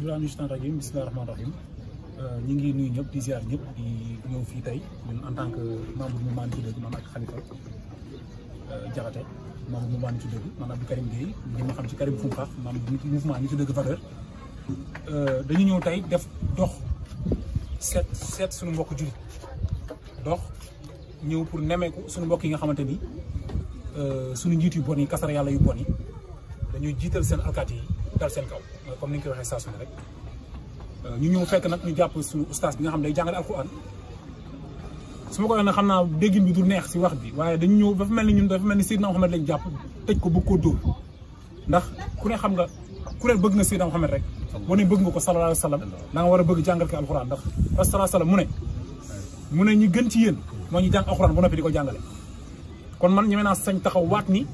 aousbillahi mina shaytaani rajiim bismillahi rahmaani rahiim euh, ñu ngi nuyu ñëpp di ziar ñëpp di ñëw fii tey ñun en tant que membre mouvement Nittu Dëgg man ak Khalifa euh, Diakhaté membre mouvement Nittu Dëgg man Abdou Karim Gueye li ma xam ci Karim Xrum Xax membre mouvement Nittu Dëgg valeur euh, ñëw tey def dox seet seet suñu mbokk jullit dox ñëw pour nemmeeku suñu mbokk yi nga xamante ni suñu njiit yu bon yi kasara yàlla yu bon yi dañuy jiital seen alkaati yi dal seen kaw comme niñ ko waxé station rek euh, ñu ñu fekk nak ñu japp suñu oustaz bi nga xam day jàngale alxuraan su ko waxee xamna déggin bi du neex ci wax bi waye dañ ñëw dafa melni ñun dafa melni ni Seydina lañ japp tej ko bu ko do ndax ku ne xam nga ku ne bëgg na Seydina Mohamed rek bo ne bëgg nga ko sallallahu alayhi wasallam da nga wara bëgg jàngal ko alxuraan ndax sallallahu alayhi wasallam mu ne mu ne ñi gën ci yeen mo ñu jàng alxuraan bu nopi diko jàngalé kon man ñeme mëna sañ taxaw waat ni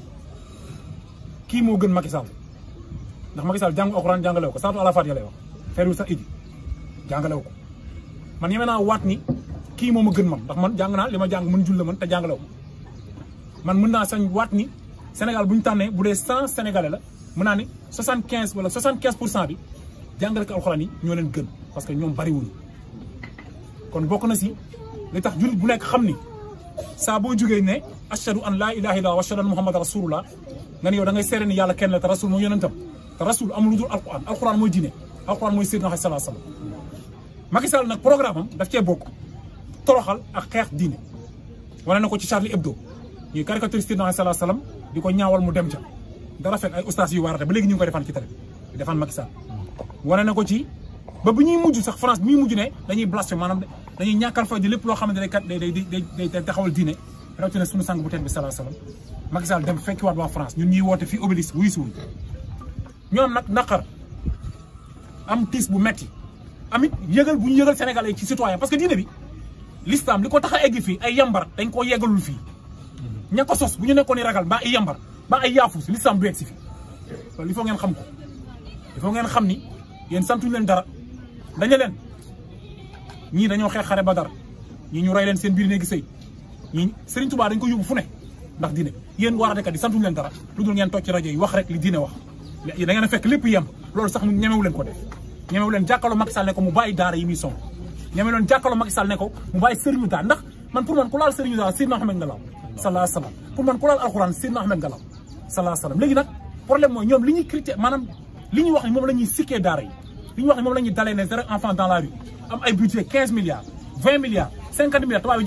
ki mo gën Macky Sall ndax Macky Sall jang alquran jangale ko saatu alafat yele wax feru sa idi jangale ko man yemee naa waat ni kii moom gën man ndax man jàng naa li ma jàng mën julla man te ko man mën na sañ waat ni Sénégal bu ñu tànnee 100 sénégalais la mën naa ni 75 wala 75 bi cent ko alquran ni yi ñoo leen gën parce que ñom bari wuñ kon bokk na ci li tax jull bu nek xam ni saa boo jógee ne ashadu an la ilaha illallah wa ashhadu an muhammad rasulullah ngani yow da ngay sérén yalla kenn la ta rasul mo yonentam rasul amul dul alquran alquran moy diine alquran moy sayyidna Muhammad sallallahu alayhi wasallam sallam Macky Sall nag programme daf ci bok toroxal ak xex diine wala nako ci Charlie Hebdo ñuy caricature sayyidna Muhammad sallallahu alayhi wasallam diko ñaawal mu dem ca da rafet ay oustaz yu warata ba léegi ñu ko defan ci télé defan defaan Macky Sall wane na ci ba bu ñuy mujj sax France mi ñuy mujj ne dañuy blasphème manam dañuy ñàkkal fa di lepp lo xamante ne kat day day day day taxawal diine rawatina sunu sang bu tedd bi sallallahu alayhi wasallam sallam Macky Sall dem fekkiwaat waa France ñun ñi wote fi obélisque wuy si ñom nak nakar, am tis bu metti amit yëgal bu ñu yëgal sénégalais ci citoyen parce que diine bi l'islam li taxa egg fi ay yambar dañ ko yeggalul fi ñako sos bu ñu ragal ba ay yambar ba ay yafus l'islam du egg si fii loolu il faut ngeen xam ko il faut ngeen xam ni yeen santu leen dara dañ leen ñi dañu xeex xare ba ñu ray leen seen biir ñi Serigne Touba dañ ko yóbbu fu ne ndax diine yeen waar rek dekat santu santuñu leen dara lu dul ngeen toog ci yi wax rek li diine wax da ngeen fekk lépp yem loolu sax mu ñemewu leen ko def ñemewu leen jàkkaarloo Macky Sall ne ko mu daara yi muy son ñemewu leen jàkkaarloo Macky ne ko mu bàyyi daara ndax man pour man ku laal sëriñu daara Seydina Ahmed nga laal salaa salaam pour man ku laal alxuraan Seydina Ahmed nga laal salaa salaam léegi nag problème mooy ñoom li ñuy critiquer maanaam li ñuy wax ni moom la ñuy sikkee daara yi li ñuy wax ni moom la ñuy dalee ne zéro enfant dans la rue am ay budget 15 milliards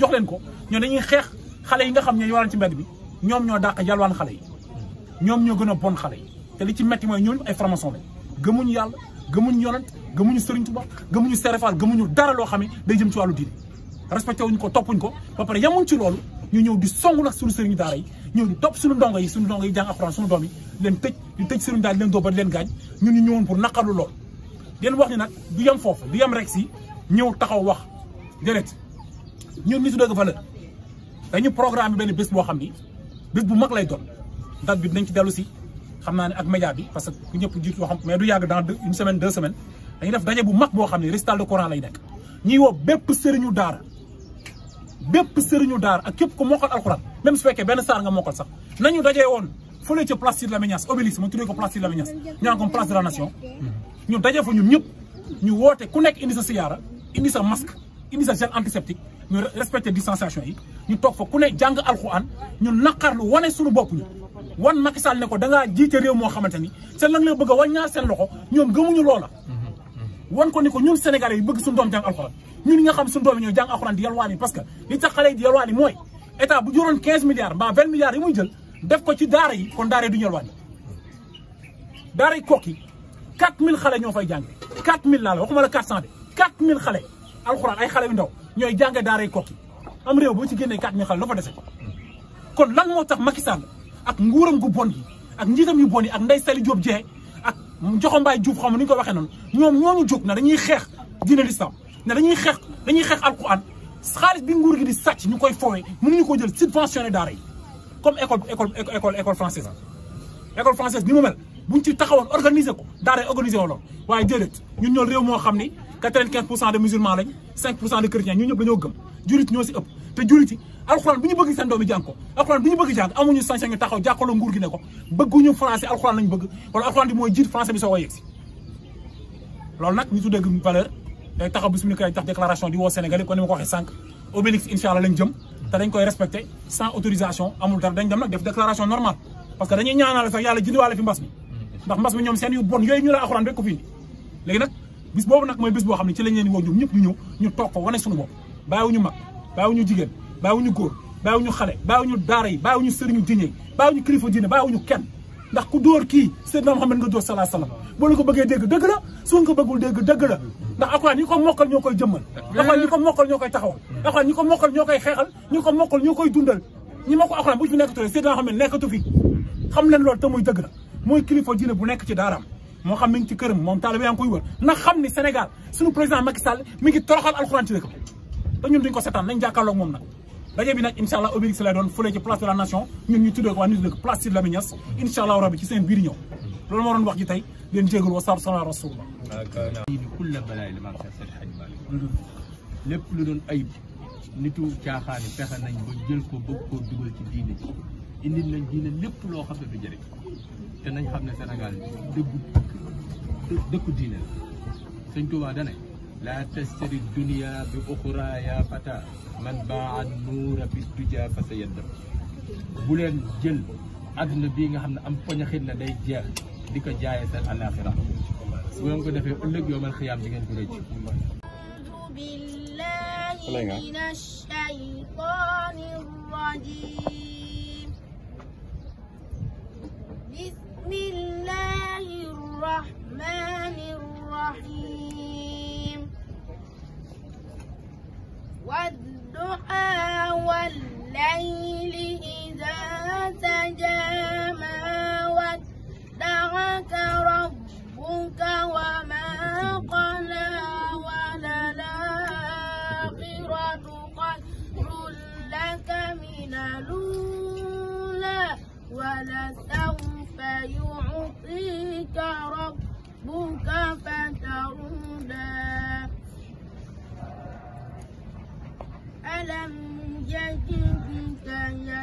jox leen ko ñoo dañuy xeex xale yi nga xam ne ñu waran ci bi ñoom ñoo dàq yalwaan xale yi ñoom ñoo gën a bon yi te li ci metti mooy ñooñu ay franc-maçon lañ gëmuñu yàlla gëmuñu yonent gëmuñu Serigne Touba gëmuñu Serefal gëmuñu dara loo xam ne day jëm ci wàllu diine respecté wuñ ko toppuñ ko ba pare yemuñ ci loolu ñu ñëw di songu nag suñu sëriñu daara yi ñëw di topp suñu ndongo yi suñu ndongo yi jàng alxuraan suñu doom yi leen tëj di tëj sëriñu daara leen dóoba leen gaañ ñun ñu ñëwoon pour naqarlu loolu leen wax ni nag du yem foofu du yem rek si ñëw taxaw wax déedéet ñun nitu dëgg fa la dañu programme benn bés boo xam ni bés bu mag lay doon date bi ci dellu si xam naa ne ak média bi parce que ku ñëpp jiitu xam mais du yàgg dans une semaine deux semaines dañuy def daje bu mag boo xam ne récital de Coran lay nekk ñuy woo bépp sëriñu daara bépp sëriñu daara ak képp ku mokkal alxuraan même su fekkee benn saar nga mokkal sax nañu dajee woon fële ca place Sidy Lamine Niass obélisque ma tuddee ko place Sidy Lamine ñu naan ko place de la nation ñu daje fa ñun ñëpp ñu woote ku nekk indi sa siyaara indi sa masque indi yi ñu toog fa ku ne jàng alxuraan ñu naqarlu wane suñu bopp ñu wan Macky Sall ne ko danga ngaa jiite réew moo xamante ni seen lan la bëgg a ñaar seen loxo ñoom gëmuñu loola wan ko ni ko ñun sénégalais yi bëgg suñu doom jàng alxuraan ñun ñi nga xam suñu doom yi ñooy jàng alxuraan di yalwaan yi parce que li tax xale yi di yalwaan mooy état bu joroon 15 milliards mbaa 20 milliards yi muy jël def ko ci daara yi kon daara yi du ñu yalwaan yi daara yi kokki 4000 xale ñoo fay jàng 4000 laa la waxuma la 400 de 4000 xale alxuraan ay xale yu ndaw ñooy jànge daara yi kokki am réew boo ci génnee 4000 xale la fa dese kon lan moo tax Macky Sall ak nguuram gu bon yi ak njiitam yu bon yi ak Ndeye Saly Diop Dieng ak Joxombaay Diouf xam ni ñu ko waxee noonu ñoom ñooñu jóg na dañuy xeex diine l'islam ne dañuy xeex dañuy xeex alquran xaalis bi nguur gi di sàcc ñu koy foowee mënuñu ko jël subventionné daara yi comme école école école école française ah. école française ni mu mel buñ taxawoon organiser ko daara yi organiser waaye déedéet ñun ñoo réew moo xam ni quatre-vingt-quinze pour cent de musulmans lañ cinq pour cent gëm jurit ñoo si ëpp te julliti alcorane buñu bëgg seen doom yi jàng ko alxuraan bi bëgg jàng amuñu sañ-sañ ñu taxaw jàkkaarloo nguur gi ne ko bëgguñu français alcorane lañ bëgg wala alcorane di moy jiit français bi so ko yegsi loolu nag ñu tuddee valeur day taxaw bis mu tax déclaration di wo Sénégalais ko ni ma ko waxee sànq obélisque incha lañ jëm té dañ koy respecter sans autorisation amul dara dañ dem nak def déclaration normale parce que dañuy ñaanal sax yalla jindi jëndiwaale fi mbass bi ndax mbass bi ñom seen yu bon yoy ñu la alcorane rek ko fi indi nak bis bobu nak moy bis bo xamni ci lañ leen wo ñoom ñep ñu ñew ñu toog ko wane suñu bopp bàyyiwuñu mag bawuñu jigen bawuñu góor bawuñu xale bawuñu daara yi bawuñu serigne diñe bawuñu kilifa diñe bawuñu kenn ndax ku dóor ki Seydina Muhammad nga dóor alayhi wasallam bo la ko bëggee dégg dëgg la su nga ko bëggul dégg dëgg la ndax alxuraan ñi ko mokkal ñoo jëmmal alxuraan ñi ko mokkal ñoo koy taxawal ñi ko mokkal ñoo koy ñi ko mokkal ñoo dundal ñi ma ko alxuraan bu fi nekkatoo Seydina Muhammad nekkatu fi xam leen loolu te muy dëgg la mooy kilifa diine bu nekk ci daaraam moo xam mi ci këram moom taalibe yaa koy wër na xam ni Sénégal suñu président Macky Sall mi ngi toroxal alxuraan ci dëkk te ñun duñ ko seetaan nañ jàkkaarloog moom nag daje bi nag incha allah obélisque lay doon fële ci place de la nation ñun ñu tuddee ko waa nit dëkk ci seen biir ñëw loolu moo doon wax ji tey leen jégal wa sallallahu ala rasulillah bi kulla balaay lépp lu doon ayib nitu caaxaani fexe nañ ba jël ko bëgg koo dugal ci diine bi indil nañ diine lépp loo xam ne du jëriñ te nañ xam ne senegal dëggu dëkku diine la sëñ Tuubaa dane لا تشتري الدنيا بأخرى يا فتى من باع النور بالدجى فسيندم bu leen jël àdduna bii nga xam ne am poñaxit la day jeex di ko jaaye seen alaxira bu ngeen ko defee ëllëg Yalam Yajin Tanya.